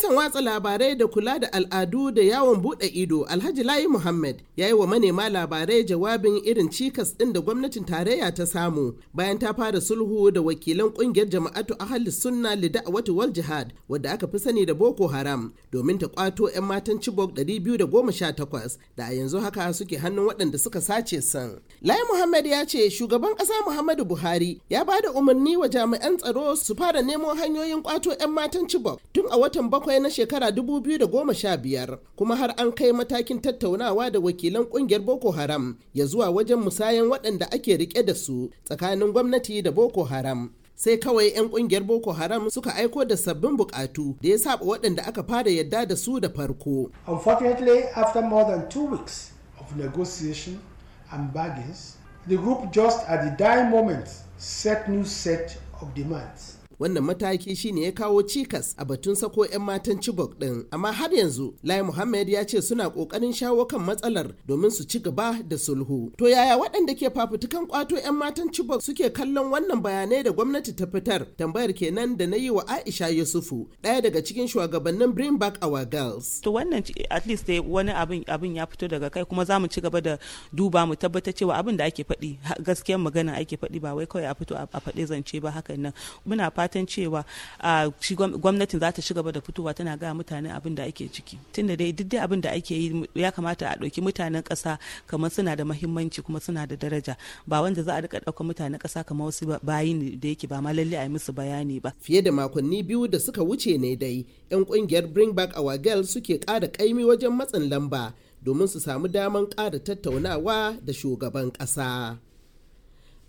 Ministan watsa labarai da kula da al'adu da yawon buɗe ido Alhaji Layi Muhammad ya yi wa manema labarai jawabin irin cikas ɗin da gwamnatin tarayya ta samu bayan ta fara sulhu da wakilan ƙungiyar jama'atu ahli sunna wata wal jihad wadda aka fi sani da Boko Haram domin ta kwato 'yan matan Chibok biyu da goma sha takwas da a yanzu haka suke hannun waɗanda suka sace san. Layi Muhammad ya ce shugaban ƙasa Muhammadu Buhari ya ba da umarni wa jami'an tsaro su fara nemo hanyoyin kwato 'yan matan Chibok tun a watan bakwai bakwai na shekara 2015 kuma har an kai matakin tattaunawa da wakilan kungiyar Boko Haram ya zuwa wajen musayan waɗanda ake rike da su tsakanin gwamnati da Boko Haram. sai kawai 'yan kungiyar boko haram suka aiko da sabbin bukatu da ya saba waɗanda aka fara yadda da su da farko unfortunately after more than two weeks of negotiation and bargains the group just at the dying moment set new set of demands wannan mataki shine ya kawo cikas a batun sako 'yan matan Chibok din amma har yanzu Lai Muhammad ya ce suna kokarin shawo kan matsalar domin su ci gaba da sulhu to yaya waɗanda ke fafutukan kwato 'yan matan Chibok suke kallon wannan bayanai da gwamnati ta fitar tambayar kenan da na yi wa Aisha Yusufu ɗaya daga cikin shugabannin Bring Back Our Girls to wannan at least dai wani abin abin ya fito daga kai kuma za mu ci gaba da duba mu tabbatar cewa abin da ake faɗi gaskiyar magana ake faɗi ba wai kawai a fito a faɗi zance ba hakan nan muna fata fatan cewa shi gwamnatin za ta ci gaba da fitowa tana ga mutane abin da ake ciki tunda dai duk abin da ake yi ya kamata a ɗauki mutanen ƙasa kamar suna da mahimmanci kuma suna da daraja ba wanda za a rika ɗaukar mutanen ƙasa kamar wasu bayi ne da yake ba ma lalle a yi musu bayani ba fiye da makonni biyu da suka wuce ne dai yan kungiyar bring back our girls suke ƙara kaimi wajen matsin lamba domin su samu damar ƙara tattaunawa da shugaban ƙasa.